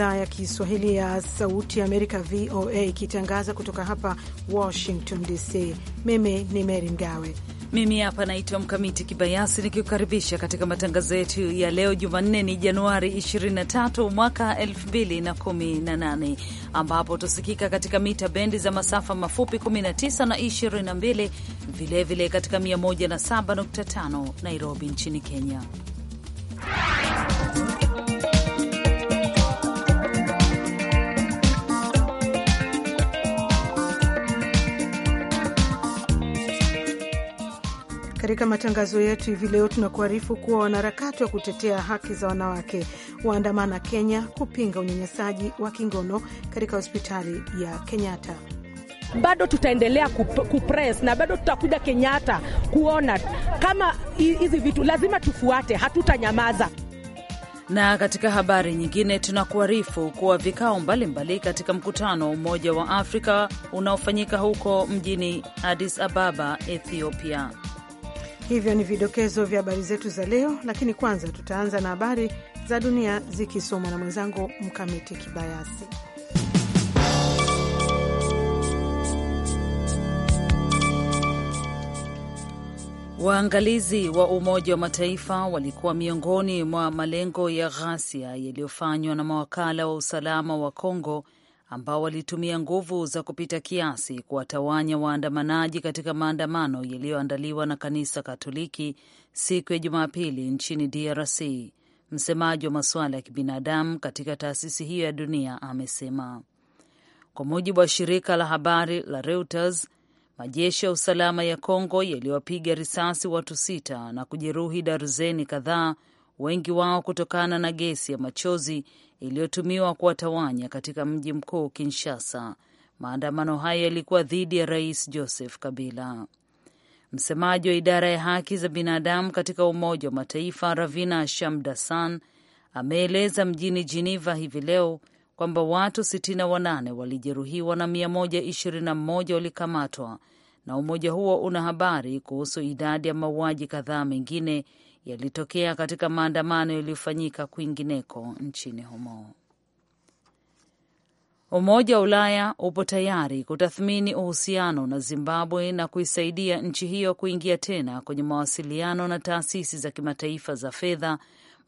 idhaa ya Kiswahili ya Sauti ya Amerika, VOA, ikitangaza kutoka hapa Washington DC. Mimi ni Mery Mgawe. Mimi hapa naitwa Mkamiti Kibayasi nikikukaribisha katika matangazo yetu ya leo Jumanne ni Januari 23 mwaka 2018, ambapo tusikika katika mita bendi za masafa mafupi 19 na 22, vilevile katika 107.5 Nairobi nchini Kenya Katika matangazo yetu hivi leo, tunakuarifu kuwa wanaharakati wa kutetea haki za wanawake waandamana Kenya kupinga unyanyasaji wa kingono katika hospitali ya Kenyatta. Bado tutaendelea kupress na bado tutakuja Kenyatta kuona kama hizi vitu lazima tufuate, hatutanyamaza. Na katika habari nyingine tunakuarifu kuwa vikao mbalimbali katika mkutano wa Umoja wa Afrika unaofanyika huko mjini Addis Ababa, Ethiopia Hivyo ni vidokezo vya habari zetu za leo, lakini kwanza tutaanza na habari za dunia zikisomwa na mwenzangu Mkamiti Kibayasi. Waangalizi wa Umoja wa Mataifa walikuwa miongoni mwa malengo ya ghasia yaliyofanywa na mawakala wa usalama wa Kongo ambao walitumia nguvu za kupita kiasi kuwatawanya waandamanaji katika maandamano yaliyoandaliwa na kanisa Katoliki siku ya Jumapili nchini DRC. Msemaji wa masuala ya kibinadamu katika taasisi hiyo ya dunia amesema kwa mujibu wa shirika la habari la Reuters, majeshi ya usalama ya Kongo yaliwapiga risasi watu sita na kujeruhi darzeni kadhaa, wengi wao kutokana na gesi ya machozi iliyotumiwa kuwatawanya katika mji mkuu Kinshasa. Maandamano hayo yalikuwa dhidi ya Rais Joseph Kabila. Msemaji wa idara ya haki za binadamu katika Umoja wa Mataifa Ravina Shamdasan ameeleza mjini Geneva hivi leo kwamba watu 68 walijeruhiwa na 121 walikamatwa, na umoja huo una habari kuhusu idadi ya mauaji kadhaa mengine yalitokea katika maandamano yaliyofanyika kwingineko nchini humo. Umoja wa Ulaya upo tayari kutathmini uhusiano na Zimbabwe na kuisaidia nchi hiyo kuingia tena kwenye mawasiliano na taasisi za kimataifa za fedha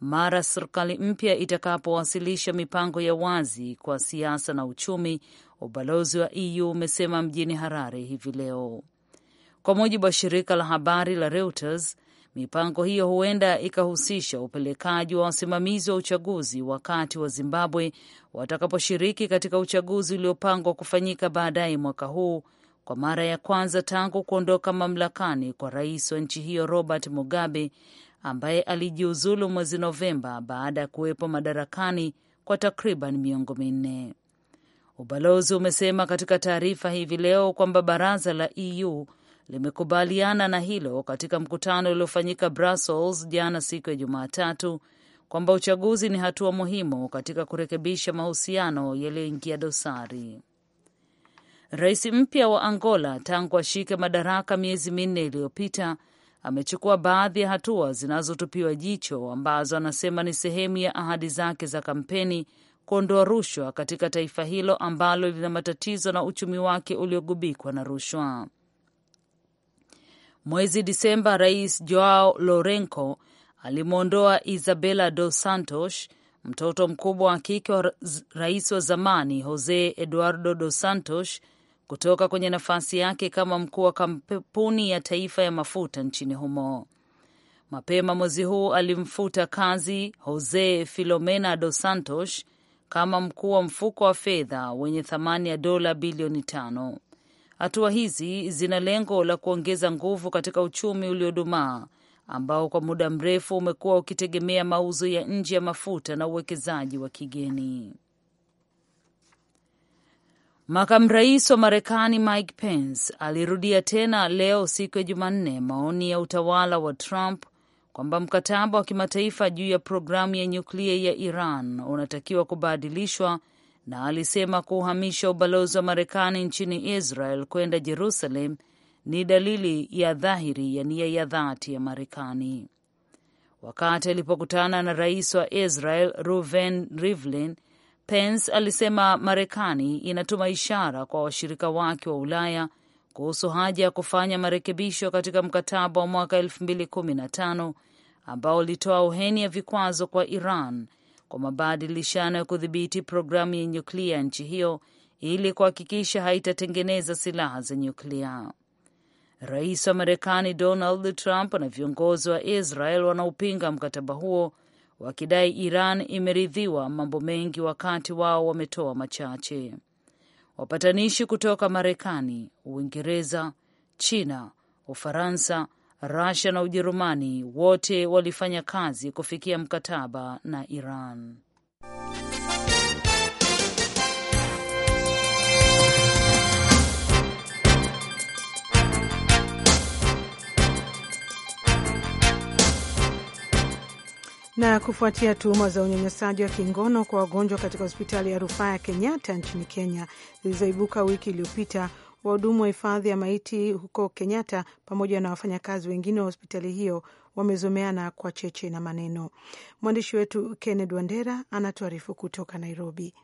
mara serikali mpya itakapowasilisha mipango ya wazi kwa siasa na uchumi, ubalozi wa EU umesema mjini Harare hivi leo, kwa mujibu wa shirika la habari la Reuters. Mipango hiyo huenda ikahusisha upelekaji wa wasimamizi wa uchaguzi wakati wa Zimbabwe watakaposhiriki katika uchaguzi uliopangwa kufanyika baadaye mwaka huu kwa mara ya kwanza tangu kuondoka mamlakani kwa rais wa nchi hiyo Robert Mugabe ambaye alijiuzulu mwezi Novemba baada ya kuwepo madarakani kwa takriban miongo minne. Ubalozi umesema katika taarifa hivi leo kwamba baraza la EU limekubaliana na hilo katika mkutano uliofanyika Brussels jana siku ya Jumatatu kwamba uchaguzi ni hatua muhimu katika kurekebisha mahusiano yaliyoingia dosari. Rais mpya wa Angola tangu ashike madaraka miezi minne iliyopita amechukua baadhi ya hatua zinazotupiwa jicho ambazo anasema ni sehemu ya ahadi zake za kampeni kuondoa rushwa katika taifa hilo ambalo lina matatizo na uchumi wake uliogubikwa na rushwa. Mwezi Disemba, Rais Joao Lourenco alimwondoa Isabela dos Santos, mtoto mkubwa wa kike wa rais wa zamani Jose Eduardo dos Santos, kutoka kwenye nafasi yake kama mkuu wa kampuni ya taifa ya mafuta nchini humo. Mapema mwezi huu alimfuta kazi Jose Filomena dos Santos kama mkuu wa mfuko wa fedha wenye thamani ya dola bilioni tano. Hatua hizi zina lengo la kuongeza nguvu katika uchumi uliodumaa ambao kwa muda mrefu umekuwa ukitegemea mauzo ya nje ya mafuta na uwekezaji wa kigeni. Makamu rais wa Marekani Mike Pence alirudia tena leo siku ya Jumanne maoni ya utawala wa Trump kwamba mkataba wa kimataifa juu ya programu ya nyuklia ya Iran unatakiwa kubadilishwa na alisema kuhamisha ubalozi wa Marekani nchini Israel kwenda Jerusalem ni dalili ya dhahiri ya nia ya dhati ya Marekani. Wakati alipokutana na rais wa Israel Ruven Rivlin, Pence alisema Marekani inatuma ishara kwa washirika wake wa Ulaya kuhusu haja ya kufanya marekebisho katika mkataba wa mwaka 2015 ambao ulitoa uheni ya vikwazo kwa Iran kwa mabadilishano ya kudhibiti programu ya nyuklia ya nchi hiyo ili kuhakikisha haitatengeneza silaha za nyuklia. Rais wa Marekani Donald Trump na viongozi wa Israel wanaopinga mkataba huo wakidai Iran imeridhiwa mambo mengi wakati wao wametoa machache. Wapatanishi kutoka Marekani, Uingereza, China, Ufaransa Russia na Ujerumani wote walifanya kazi kufikia mkataba na Iran. Na kufuatia tuhuma za unyanyasaji wa kingono kwa wagonjwa katika hospitali ya rufaa ya Kenyatta nchini Kenya zilizoibuka wiki iliyopita, Wahudumu wa hifadhi ya maiti huko Kenyatta pamoja na wafanyakazi wengine wa hospitali hiyo wamezomeana kwa cheche na maneno. Mwandishi wetu Kenneth Wandera anatuarifu kutoka Nairobi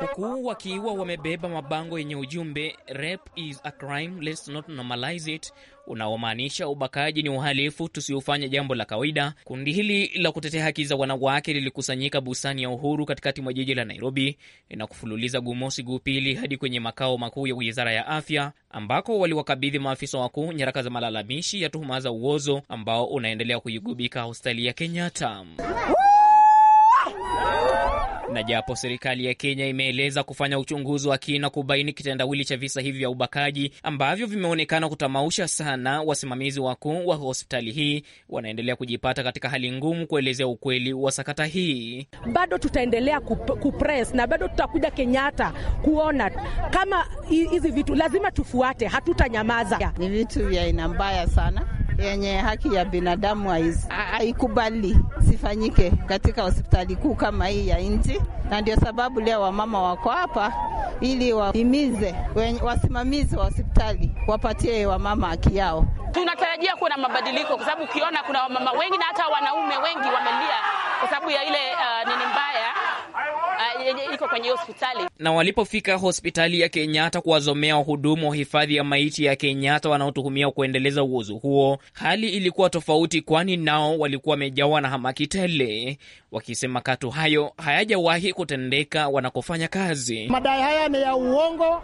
huku wakiwa wamebeba mabango yenye ujumbe Rape is a crime, let's not normalize it, unaomaanisha ubakaji ni uhalifu, tusiofanya jambo la kawaida. Kundi hili la kutetea haki za wanawake lilikusanyika busani ya Uhuru katikati mwa jiji la Nairobi na kufululiza Gumosi Gupili hadi kwenye makao makuu ya wizara ya afya, ambako waliwakabidhi maafisa wakuu nyaraka za malalamishi ya tuhuma za uozo ambao unaendelea kuigubika hospitali ya Kenyatta. Na japo serikali ya Kenya imeeleza kufanya uchunguzi wa kina kubaini kitendawili cha visa hivi vya ubakaji ambavyo vimeonekana kutamausha sana, wasimamizi wakuu wa hospitali hii wanaendelea kujipata katika hali ngumu kuelezea ukweli wa sakata hii. Bado tutaendelea kupress na bado tutakuja Kenyatta kuona kama hizi vitu lazima tufuate, hatutanyamaza. Ni vitu vya aina mbaya sana yenye haki ya binadamu haikubali sifanyike katika hospitali kuu kama hii ya nchi, na ndio sababu leo wamama wako hapa ili wahimize wasimamizi wa hospitali wapatie wamama haki yao. Tunatarajia kuwa na mabadiliko, kwa sababu ukiona kuna wamama wengi na hata wanaume wengi wamelia kwa sababu ya ile uh, nini mbaya Ah, iko kwenye hospitali. Na walipofika hospitali ya Kenyatta kuwazomea wahudumu wa hifadhi ya maiti ya Kenyatta wanaotuhumia kuendeleza uozo huo, hali ilikuwa tofauti, kwani nao walikuwa wamejawa na hamaki tele, wakisema katu hayo hayajawahi kutendeka wanakofanya kazi. Madai haya ni ya uongo.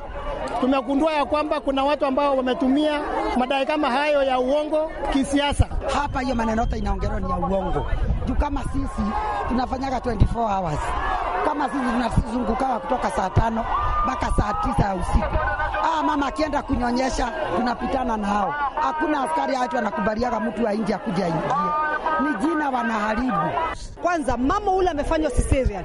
Tumegundua ya kwamba kuna watu ambao wametumia madai kama hayo ya uongo kisiasa. Hapa hiyo maneno yote inaongelewa ni ya uongo juu, kama sisi tunafanyaga 24 hours kama mama sisi tunazungukawa kutoka saa tano mpaka saa tisa ya usiku. aa ah, mama akienda kunyonyesha tunapitana na hao. Hakuna askari awetu anakubaliaga mtu wa nje akuja ingia, ni jina wanaharibu. Kwanza mama ule amefanywa cesarean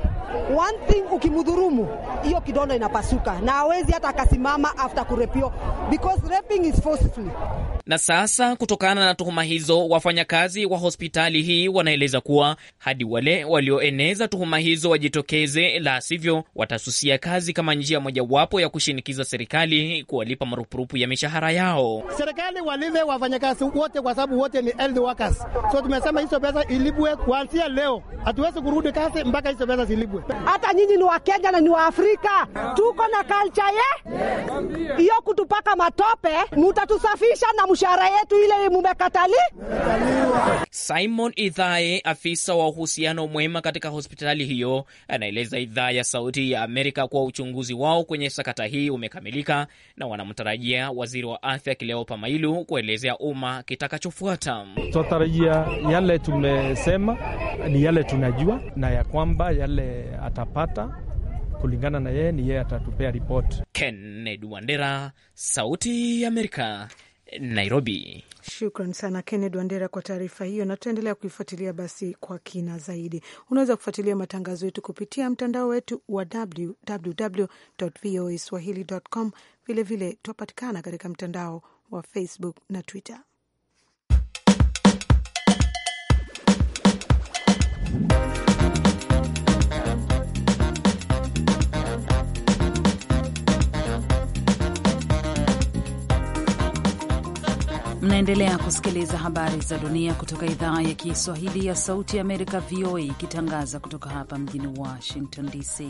one thing, ukimudhurumu hiyo kidondo inapasuka na hawezi hata akasimama after kurepio because raping is forcefully na sasa kutokana na tuhuma hizo, wafanyakazi wa hospitali hii wanaeleza kuwa hadi wale walioeneza tuhuma hizo wajitokeze, la sivyo watasusia kazi kama njia mojawapo ya kushinikiza serikali kuwalipa marupurupu ya mishahara yao. Serikali walive wafanyakazi wote, kwa sababu wote ni health workers. So tumesema hizo pesa ilipwe kuanzia leo, hatuwezi kurudi kazi mpaka hizo pesa zilibwe. Hata nyinyi ni Wakenya na ni Waafrika, tuko na culture ye hiyo, kutupaka matope, mutatusafisha na mshahara yetu ile mumekatali. Simon Idhae, afisa wa uhusiano mwema katika hospitali hiyo, anaeleza idhaa ya Sauti ya Amerika kuwa uchunguzi wao kwenye sakata hii umekamilika na wanamtarajia waziri wa afya kileopa Mailu kuelezea umma kitakachofuata. Tunatarajia yale tumesema ni yale tunajua, na ya kwamba yale atapata kulingana na yeye ni yeye atatupea ripoti. Kennedy Wandera, Sauti ya Amerika, Nairobi. Shukran sana Kennedy Wandera kwa taarifa hiyo, na tutaendelea kuifuatilia basi kwa kina zaidi. Unaweza kufuatilia matangazo yetu kupitia mtandao wetu wa www voa swahili com. Vilevile tuapatikana katika mtandao wa Facebook na Twitter. Mnaendelea kusikiliza habari za dunia kutoka idhaa ya Kiswahili ya Sauti ya Amerika, VOA, ikitangaza kutoka hapa mjini Washington DC.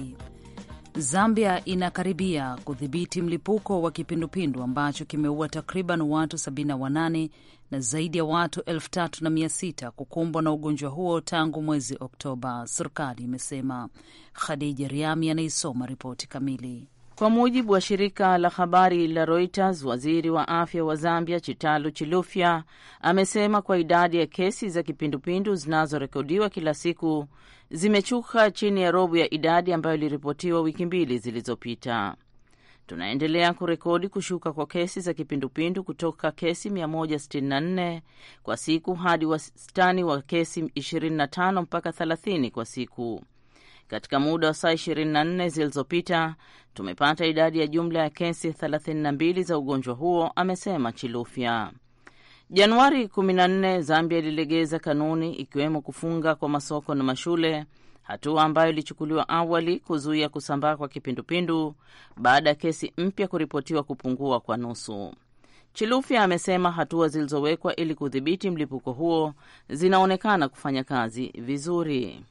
Zambia inakaribia kudhibiti mlipuko wa kipindupindu ambacho kimeua takriban watu 78 na zaidi ya watu 3600 kukumbwa na ugonjwa huo tangu mwezi Oktoba, serikali imesema. Khadija Riami anaisoma ripoti kamili. Kwa mujibu wa shirika la habari la Reuters, waziri wa afya wa Zambia Chitalu Chilufya amesema kwa idadi ya kesi za kipindupindu zinazorekodiwa kila siku zimechuka chini ya robo ya idadi ambayo iliripotiwa wiki mbili zilizopita. Tunaendelea kurekodi kushuka kwa kesi za kipindupindu kutoka kesi 164 kwa siku hadi wastani wa kesi 25 mpaka 30 kwa siku. Katika muda wa saa 24 zilizopita tumepata idadi ya jumla ya kesi 32 za ugonjwa huo, amesema Chilufya. Januari 14 Zambia ililegeza kanuni ikiwemo kufunga kwa masoko na mashule, hatua ambayo ilichukuliwa awali kuzuia kusambaa kwa kipindupindu baada ya kesi mpya kuripotiwa kupungua kwa nusu. Chilufya amesema hatua zilizowekwa ili kudhibiti mlipuko huo zinaonekana kufanya kazi vizuri.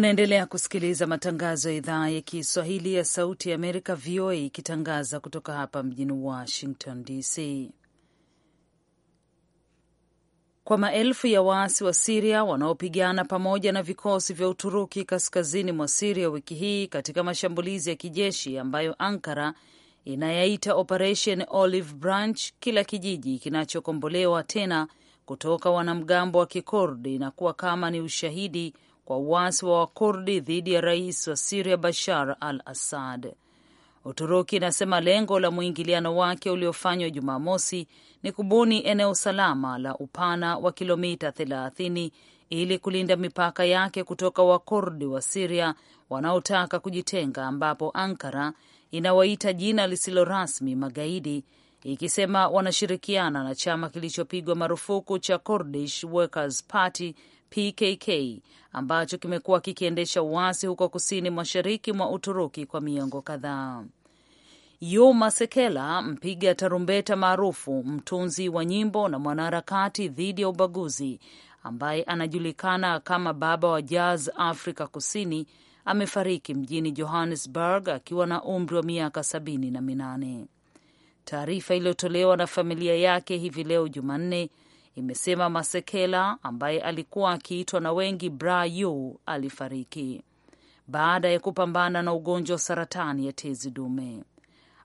Unaendelea kusikiliza matangazo ya idhaa ya Kiswahili ya Sauti ya Amerika, VOA, ikitangaza kutoka hapa mjini Washington DC. Kwa maelfu ya waasi wa Siria wanaopigana pamoja na vikosi vya Uturuki kaskazini mwa Siria wiki hii katika mashambulizi ya kijeshi ambayo Ankara inayaita Operation Olive Branch, kila kijiji kinachokombolewa tena kutoka wanamgambo wa Kikurdi na kuwa kama ni ushahidi kwa uasi wa Wakurdi dhidi ya rais wa Siria Bashar al Assad. Uturuki inasema lengo la mwingiliano wake uliofanywa Jumamosi ni kubuni eneo salama la upana wa kilomita 30 ili kulinda mipaka yake kutoka Wakurdi wa Siria wanaotaka kujitenga, ambapo Ankara inawaita jina lisilo rasmi magaidi, ikisema wanashirikiana na chama kilichopigwa marufuku cha Kurdish Workers Party PKK ambacho kimekuwa kikiendesha uasi huko kusini mashariki mwa Uturuki kwa miongo kadhaa. Yuma Sekela, mpiga tarumbeta maarufu, mtunzi wa nyimbo na mwanaharakati dhidi ya ubaguzi, ambaye anajulikana kama baba wa jazz Afrika Kusini, amefariki mjini Johannesburg akiwa na umri wa miaka sabini na minane. Taarifa iliyotolewa na familia yake hivi leo Jumanne imesema Masekela ambaye alikuwa akiitwa na wengi Brayu alifariki baada ya kupambana na ugonjwa wa saratani ya tezi dume.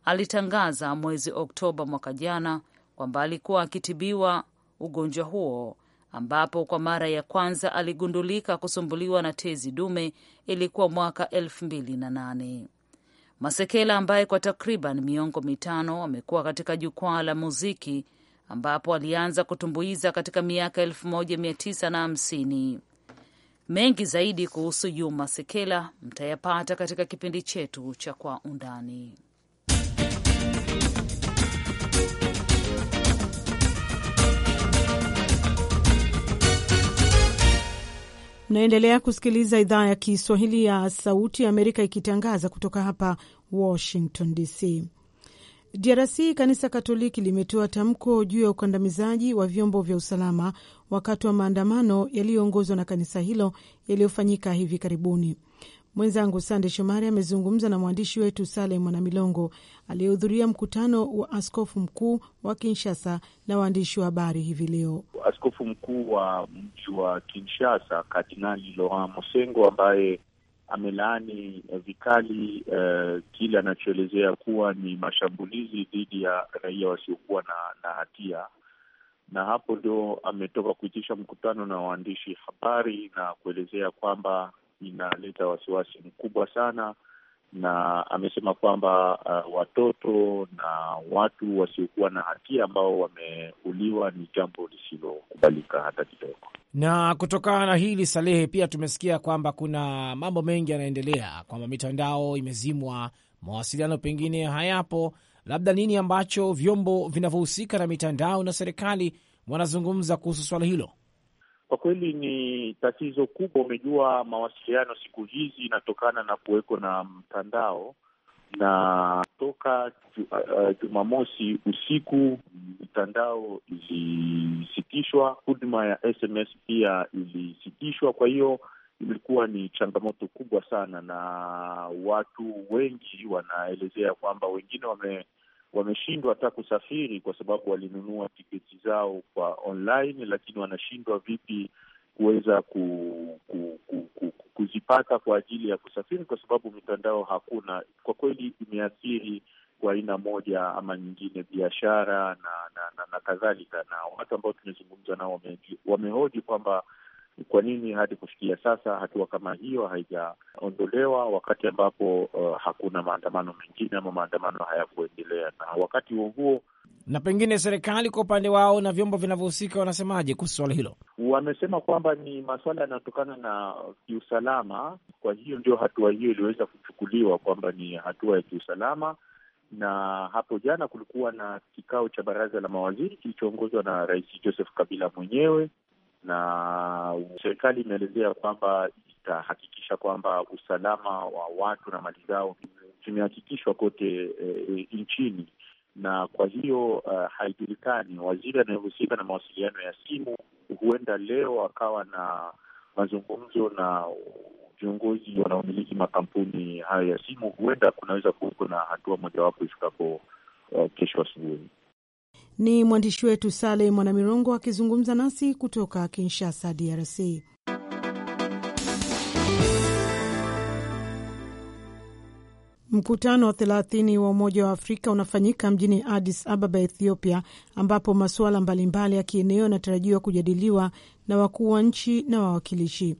Alitangaza mwezi Oktoba mwaka jana kwamba alikuwa akitibiwa ugonjwa huo ambapo kwa mara ya kwanza aligundulika kusumbuliwa na tezi dume ilikuwa mwaka elfu mbili na nane. Masekela ambaye kwa takriban miongo mitano amekuwa katika jukwaa la muziki ambapo alianza kutumbuiza katika miaka 1950. Mengi zaidi kuhusu Juma Sekela mtayapata katika kipindi chetu cha Kwa Undani. Mnaendelea kusikiliza idhaa ya Kiswahili ya Sauti ya Amerika ikitangaza kutoka hapa Washington DC. DRC, kanisa Katoliki limetoa tamko juu ya ukandamizaji wa vyombo vya usalama wakati wa maandamano yaliyoongozwa na kanisa hilo yaliyofanyika hivi karibuni. Mwenzangu Sande Shomari amezungumza na mwandishi wetu Sale Mwanamilongo aliyehudhuria mkutano wa askofu mkuu wa Kinshasa na waandishi wa habari hivi leo. Askofu mkuu wa mji wa Kinshasa, Kardinali Laurent Mosengo ambaye amelaani eh, vikali uh, kile anachoelezea kuwa ni mashambulizi dhidi ya raia wasiokuwa na, na hatia na hapo ndio ametoka kuitisha mkutano na waandishi habari na kuelezea kwamba inaleta wasiwasi mkubwa sana na amesema kwamba uh, watoto na watu wasiokuwa na hatia ambao wameuliwa ni jambo lisilokubalika hata kidogo. Na kutokana na hili Salehe, pia tumesikia kwamba kuna mambo mengi yanaendelea, kwamba mitandao imezimwa, mawasiliano pengine hayapo. Labda nini ambacho vyombo vinavyohusika na mitandao na serikali wanazungumza kuhusu swala hilo? Kwa kweli ni tatizo kubwa. Umejua, mawasiliano siku hizi inatokana na kuweko na mtandao, na toka uh, uh, Jumamosi usiku mitandao ilisitishwa, huduma ya SMS pia ilisitishwa. Kwa hiyo imekuwa ni changamoto kubwa sana, na watu wengi wanaelezea kwamba wengine wame wameshindwa hata kusafiri kwa sababu walinunua tiketi zao kwa online, lakini wanashindwa vipi kuweza ku, ku, ku, ku, kuzipata kwa ajili ya kusafiri kwa sababu mitandao hakuna. Kwa kweli imeathiri kwa aina moja ama nyingine biashara na na, na, na kadhalika, na watu ambao tumezungumza nao wame, wamehoji kwamba kwa nini hadi kufikia sasa hatua kama hiyo haijaondolewa, wakati ambapo uh, hakuna maandamano mengine ama maandamano hayakuendelea? Na wakati huo huo, na pengine serikali kwa upande wao na vyombo vinavyohusika wanasemaje kuhusu swala hilo? Wamesema kwamba ni masuala yanayotokana na kiusalama, kwa hiyo ndio hatua hiyo iliweza kuchukuliwa kwamba ni hatua ya kiusalama na hapo jana kulikuwa na kikao cha baraza la mawaziri kilichoongozwa na Rais Joseph Kabila mwenyewe, na serikali imeelezea kwamba itahakikisha kwamba usalama wa watu na mali zao zimehakikishwa kote eh, nchini. Na kwa hiyo uh, haijulikani waziri anayehusika na mawasiliano ya simu, huenda leo akawa na mazungumzo na viongozi wanaomiliki makampuni hayo ya simu, huenda kunaweza kuwepo na hatua mojawapo ifikapo uh, kesho asubuhi. Ni mwandishi wetu Sale Mwanamirongo akizungumza nasi kutoka Kinshasa, DRC. Mkutano wa thelathini wa Umoja wa Afrika unafanyika mjini Addis Ababa, Ethiopia, ambapo masuala mbalimbali ya kieneo yanatarajiwa kujadiliwa na wakuu wa nchi na wawakilishi.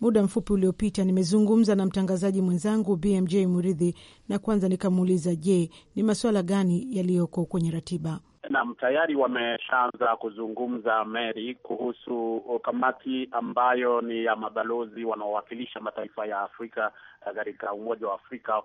Muda mfupi uliopita nimezungumza na mtangazaji mwenzangu BMJ Muridhi, na kwanza nikamuuliza, je, ni masuala gani yaliyoko kwenye ratiba? Naam, tayari wameshaanza kuzungumza Mary, kuhusu kamati ambayo ni ya mabalozi wanaowakilisha mataifa ya Afrika eh, katika Umoja wa Afrika.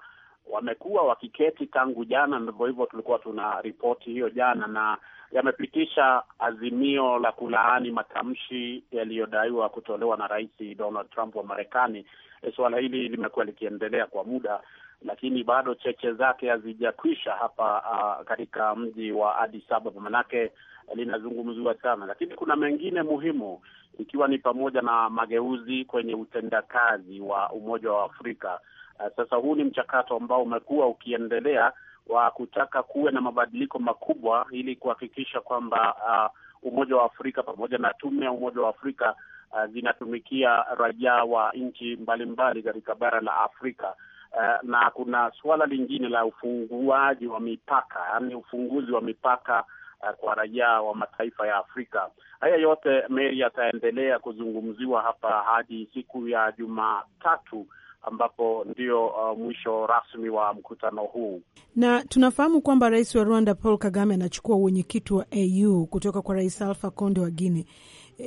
Wamekuwa wakiketi tangu jana, ndivyo hivyo, tulikuwa tuna ripoti hiyo jana, na yamepitisha azimio la kulaani matamshi yaliyodaiwa kutolewa na Rais Donald Trump wa Marekani. Eh, suala hili limekuwa likiendelea kwa muda lakini bado cheche zake hazijakwisha hapa uh, katika mji wa Addis Ababa, manake eh, linazungumziwa sana, lakini kuna mengine muhimu, ikiwa ni pamoja na mageuzi kwenye utendakazi wa Umoja wa Afrika. Uh, sasa huu ni mchakato ambao umekuwa ukiendelea wa kutaka kuwe na mabadiliko makubwa ili kuhakikisha kwamba uh, Umoja wa Afrika pamoja na tume ya Umoja wa Afrika uh, zinatumikia raia wa nchi mbalimbali katika bara la Afrika Eh, na kuna suala lingine la ufunguaji wa mipaka, yaani ufunguzi wa mipaka uh, kwa raia wa mataifa ya Afrika. Haya yote Mary ataendelea kuzungumziwa hapa hadi siku ya Jumatatu ambapo ndio uh, mwisho rasmi wa mkutano huu. Na tunafahamu kwamba rais wa Rwanda Paul Kagame anachukua uwenyekiti wa AU kutoka kwa rais Alfa Konde wa guine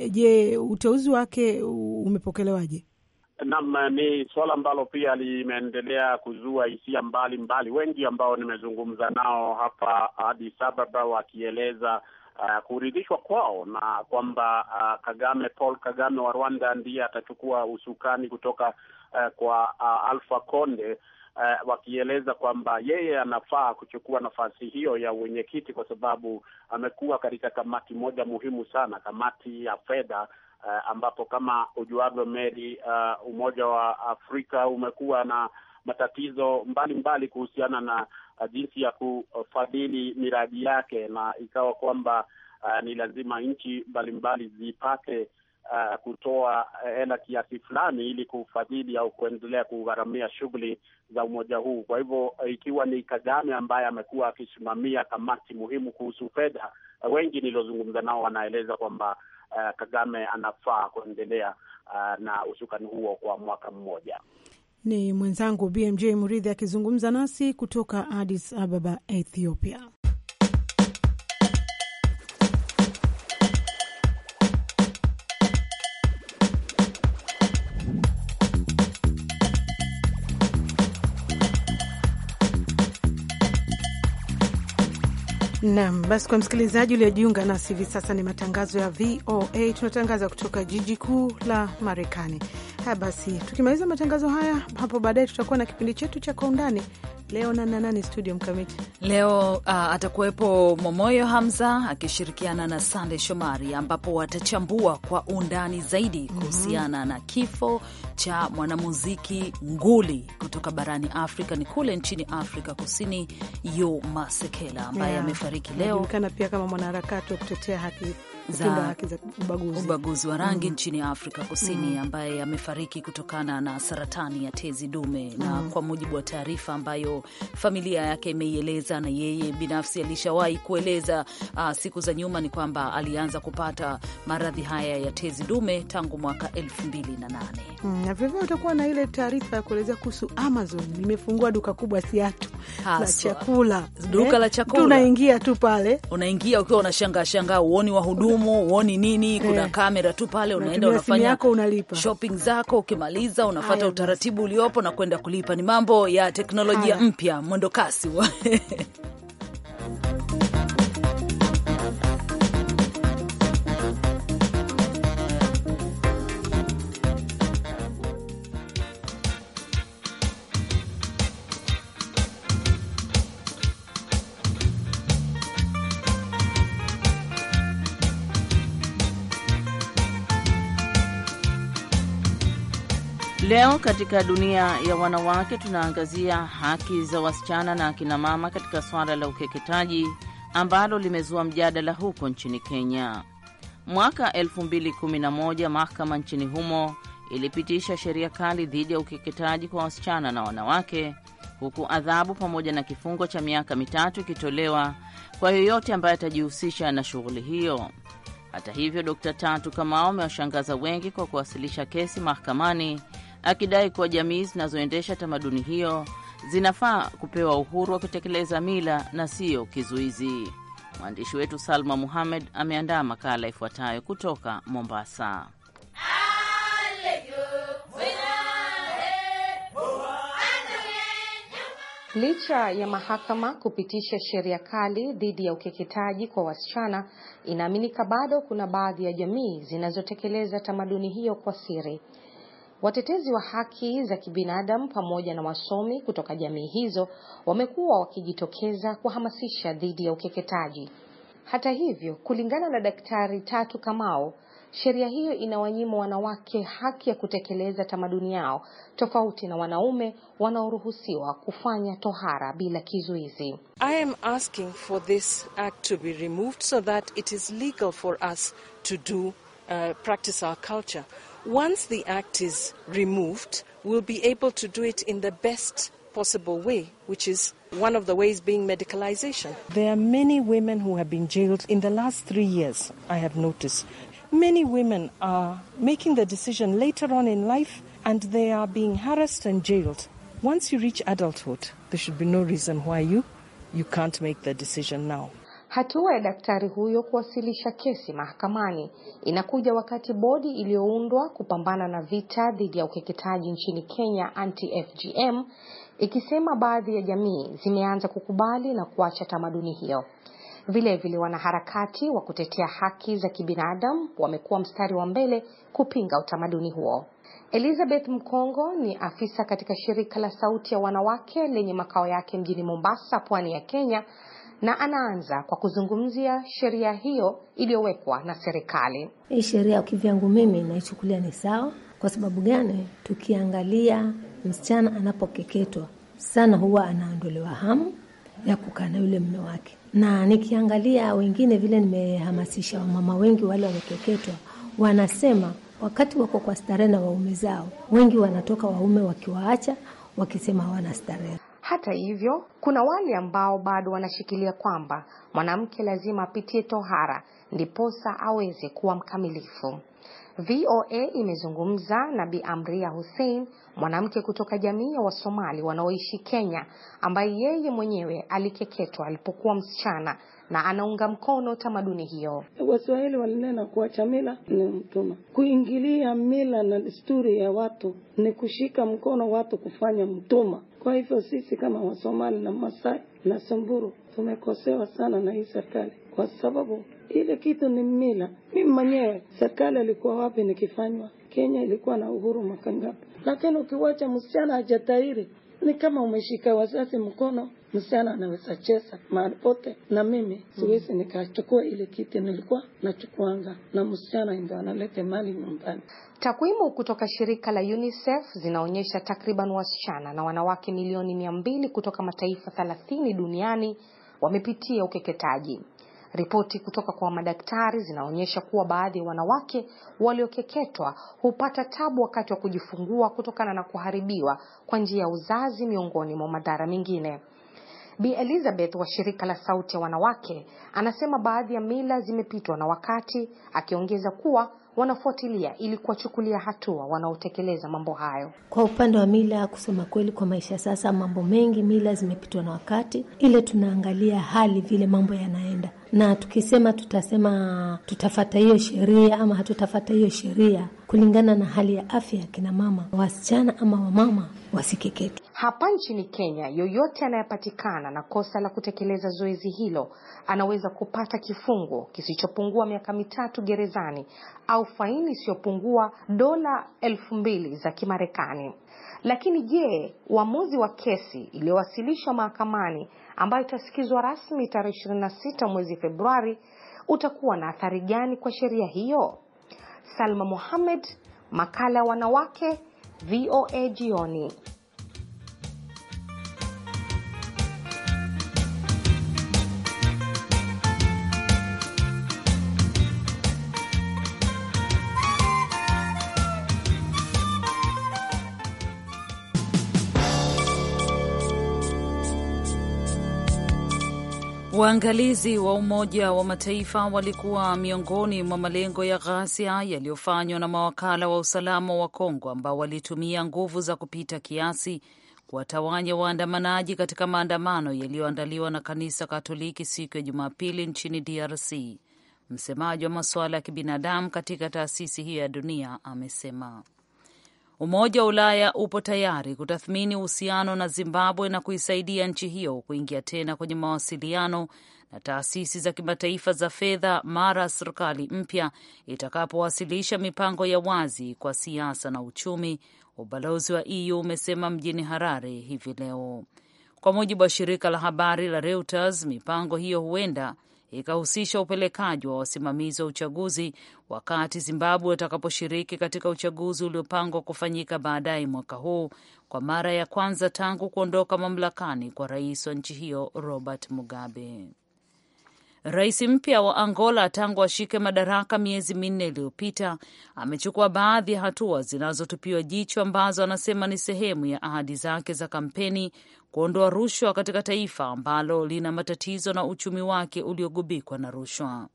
Je, uteuzi wake umepokelewaje? Naam, ni suala ambalo pia limeendelea kuzua hisia mbalimbali, wengi ambao nimezungumza nao hapa Addis Ababa wakieleza Uh, kuridhishwa kwao na kwamba uh, Kagame Paul Kagame wa Rwanda ndiye atachukua usukani kutoka uh, kwa uh, Alpha Conde uh, wakieleza kwamba yeye anafaa kuchukua nafasi hiyo ya wenyekiti kwa sababu amekuwa katika kamati moja muhimu sana, kamati ya fedha uh, ambapo kama ujuavyo Meri, uh, eh, Umoja wa Afrika umekuwa na matatizo mbalimbali kuhusiana na uh, jinsi ya kufadhili miradi yake, na ikawa kwamba uh, ni lazima nchi mbalimbali zipate uh, kutoa hela kiasi fulani ili kufadhili au kuendelea kugharamia shughuli za umoja huu. Kwa hivyo ikiwa ni Kagame ambaye amekuwa akisimamia kamati muhimu kuhusu fedha, wengi niliozungumza nao wanaeleza kwamba uh, Kagame anafaa kuendelea uh, na usukani huo kwa mwaka mmoja. Ni mwenzangu BMJ Muridhi akizungumza nasi kutoka Addis Ababa, Ethiopia. Nam basi, kwa msikilizaji uliojiunga nasi hivi sasa, ni matangazo ya VOA tunatangaza kutoka jiji kuu la Marekani. Haya basi, tukimaliza matangazo haya hapo baadaye, tutakuwa na kipindi chetu cha Kwa Undani leo na nani studio mkamiti leo. Uh, atakuwepo Momoyo Hamza akishirikiana na Sande Shomari ambapo watachambua kwa undani zaidi mhm. kuhusiana mm -hmm. na kifo cha mwanamuziki nguli kutoka barani Afrika ni kule nchini Afrika Kusini, Yo Masekela ambaye yeah. amefariki leo, anajulikana pia kama mwanaharakati wa kutetea haki za ubaguzi, ubaguzi wa rangi mm. nchini Afrika Kusini mm. ambaye amefariki kutokana na saratani ya tezi dume mm. na kwa mujibu wa taarifa ambayo familia yake imeieleza na yeye binafsi alishawahi kueleza uh, siku za nyuma, ni kwamba alianza kupata maradhi haya ya tezi dume tangu mwaka elfu mbili na nane mm. na vilevile utakuwa na ile taarifa ya kuelezea kuhusu Amazon imefungua duka kubwa siatu la chakula, duka eh, la chakula, tunaingia tu pale, unaingia ukiwa unashangaa shangaa, uoni wahudumu humu, uoni nini? Eh. Kuna kamera tu pale, unaenda unafanya yako, unalipa shopping zako, ukimaliza unafata utaratibu uliopo na kwenda kulipa. Ni mambo ya teknolojia mpya, mwendo kasi Leo katika dunia ya wanawake tunaangazia haki za wasichana na akinamama katika swala la ukeketaji ambalo limezua mjadala huko nchini Kenya. Mwaka 2011 mahakama nchini humo ilipitisha sheria kali dhidi ya ukeketaji kwa wasichana na wanawake, huku adhabu pamoja na kifungo cha miaka mitatu ikitolewa kwa yoyote ambaye atajihusisha na shughuli hiyo. Hata hivyo, Dkt. Tatu Kamao amewashangaza wengi kwa kuwasilisha kesi mahakamani akidai kuwa jamii zinazoendesha tamaduni hiyo zinafaa kupewa uhuru wa kutekeleza mila na siyo kizuizi. Mwandishi wetu Salma Muhamed ameandaa makala ifuatayo kutoka Mombasa. Licha ya mahakama kupitisha sheria kali dhidi ya ukeketaji kwa wasichana, inaaminika bado kuna baadhi ya jamii zinazotekeleza tamaduni hiyo kwa siri. Watetezi wa haki za kibinadamu pamoja na wasomi kutoka jamii hizo wamekuwa wakijitokeza kuhamasisha dhidi ya ukeketaji. Hata hivyo, kulingana na Daktari Tatu kamao sheria hiyo inawanyima wanawake haki ya kutekeleza tamaduni yao tofauti na wanaume wanaoruhusiwa kufanya tohara bila kizuizi. I am asking for this act to be removed so that it is legal for us to do uh, practice our culture Once the act is removed, we'll be able to do it in the best possible way, which is one of the ways being medicalization. There are many women who have been jailed in the last three years, I have noticed. Many women are making the decision later on in life and they are being harassed and jailed. Once you reach adulthood, there should be no reason why you, you can't make the decision now. Hatua ya daktari huyo kuwasilisha kesi mahakamani inakuja wakati bodi iliyoundwa kupambana na vita dhidi ya ukeketaji nchini Kenya, Anti-FGM, ikisema baadhi ya jamii zimeanza kukubali na kuacha tamaduni hiyo. Vile vile wanaharakati wa kutetea haki za kibinadamu wamekuwa mstari wa mbele kupinga utamaduni huo. Elizabeth Mkongo ni afisa katika shirika la Sauti ya Wanawake lenye makao yake mjini Mombasa, pwani ya Kenya, na anaanza kwa kuzungumzia sheria hiyo iliyowekwa na serikali. Hii sheria kivyangu mimi naichukulia ni sawa. Kwa sababu gani? Tukiangalia msichana anapokeketwa sana, huwa anaondolewa hamu ya kukaa na yule mme wake, na nikiangalia wengine vile nimehamasisha wamama wengi wale wamekeketwa, wanasema wakati wako kwa starehe na waume zao, wengi wanatoka waume wakiwaacha wakisema hawana starehe. Hata hivyo, kuna wale ambao bado wanashikilia kwamba mwanamke lazima apitie tohara ndiposa aweze kuwa mkamilifu. VOA imezungumza na Bi Amria Hussein, mwanamke kutoka jamii ya Wasomali wanaoishi Kenya, ambaye yeye mwenyewe alikeketwa alipokuwa msichana na anaunga mkono tamaduni hiyo. Waswahili walinena kuacha mila ni mtuma. Kuingilia mila na desturi ya watu ni kushika mkono watu kufanya mtuma. Kwa hivyo sisi kama Wasomali na Masai na Samburu tumekosewa sana na hii serikali, kwa sababu ile kitu ni mila. Mimi mwenyewe serikali alikuwa wapi nikifanywa? Kenya ilikuwa na uhuru mwaka ngapi? Lakini ukiwacha msichana hajatairi ni kama umeshika wazazi mkono msichana anaweza cheza mahali pote, na mimi siwezi nikachukua ile kiti nilikuwa nachukuanga, na msichana ndio analete mali nyumbani. Takwimu kutoka shirika la UNICEF zinaonyesha takriban wasichana na wanawake milioni mia mbili kutoka mataifa thelathini duniani wamepitia ukeketaji. Ripoti kutoka kwa madaktari zinaonyesha kuwa baadhi ya wanawake waliokeketwa hupata tabu wakati wa kujifungua kutokana na kuharibiwa kwa njia ya uzazi miongoni mwa madhara mengine. Bi Elizabeth wa shirika la Sauti ya Wanawake anasema baadhi ya mila zimepitwa na wakati, akiongeza kuwa wanafuatilia ili kuwachukulia hatua wanaotekeleza mambo hayo. Kwa upande wa mila, kusema kweli, kwa maisha sasa, mambo mengi mila zimepitwa na wakati, ile tunaangalia hali vile mambo yanaenda, na tukisema tutasema tutafata hiyo sheria ama hatutafata hiyo sheria kulingana na hali ya afya ya kina mama, wasichana ama wamama wasikeketwe. Hapa nchini Kenya, yoyote anayepatikana na kosa la kutekeleza zoezi hilo anaweza kupata kifungo kisichopungua miaka mitatu gerezani au faini isiyopungua dola elfu mbili za Kimarekani. Lakini je, uamuzi wa kesi iliyowasilishwa mahakamani ambayo itasikizwa rasmi tarehe 26 mwezi Februari utakuwa na athari gani kwa sheria hiyo? Salma Mohamed, makala ya wanawake, VOA Jioni. Waangalizi wa Umoja wa Mataifa walikuwa miongoni mwa malengo ya ghasia yaliyofanywa na mawakala wa usalama wa Kongo ambao walitumia nguvu za kupita kiasi kuwatawanya waandamanaji katika maandamano yaliyoandaliwa na kanisa Katoliki siku ya Jumapili nchini DRC. Msemaji wa masuala ya kibinadamu katika taasisi hiyo ya dunia amesema Umoja wa Ulaya upo tayari kutathmini uhusiano na Zimbabwe na kuisaidia nchi hiyo kuingia tena kwenye mawasiliano na taasisi za kimataifa za fedha mara serikali mpya itakapowasilisha mipango ya wazi kwa siasa na uchumi, ubalozi wa EU umesema mjini Harare hivi leo. Kwa mujibu wa shirika la habari la Reuters, mipango hiyo huenda ikahusisha upelekaji wa wasimamizi wa uchaguzi wakati Zimbabwe watakaposhiriki katika uchaguzi uliopangwa kufanyika baadaye mwaka huu kwa mara ya kwanza tangu kuondoka mamlakani kwa rais wa nchi hiyo Robert Mugabe. Rais mpya wa Angola tangu ashike madaraka miezi minne iliyopita amechukua baadhi ya hatua zinazotupiwa jicho ambazo anasema ni sehemu ya ahadi zake za kampeni kuondoa rushwa katika taifa ambalo lina matatizo na uchumi wake uliogubikwa na rushwa.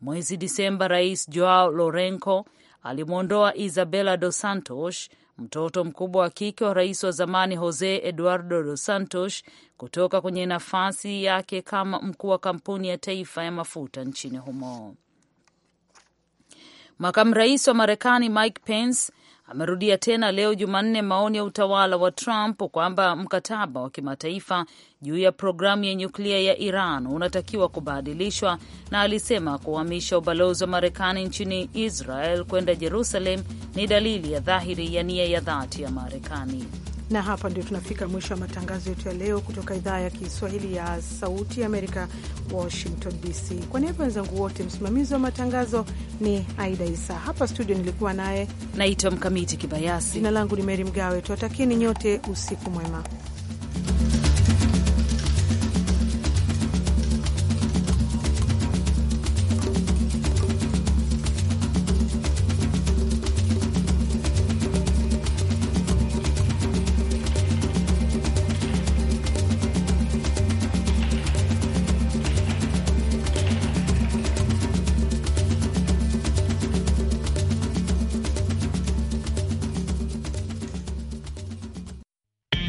Mwezi Disemba, Rais Joao Lourenco alimwondoa Isabela dos Santos, mtoto mkubwa wa kike wa rais wa zamani Jose Eduardo dos Santos, kutoka kwenye nafasi yake kama mkuu wa kampuni ya taifa ya mafuta nchini humo. Makamu rais wa Marekani Mike Pence amerudia tena leo Jumanne maoni ya utawala wa Trump kwamba mkataba wa kimataifa juu ya programu ya nyuklia ya Iran unatakiwa kubadilishwa, na alisema kuhamisha ubalozi wa Marekani nchini Israel kwenda Jerusalem ni dalili ya dhahiri ya nia ya dhati ya Marekani. Na hapa ndio tunafika mwisho wa matangazo yetu ya leo kutoka idhaa ya Kiswahili ya Sauti Amerika, Washington DC. Kwa niaba wenzangu wote, msimamizi wa matangazo ni Aida Isa, hapa studio nilikuwa naye naitwa Mkamiti Kibayasi. Jina langu ni Meri Mgawe. Tuwatakieni nyote usiku mwema.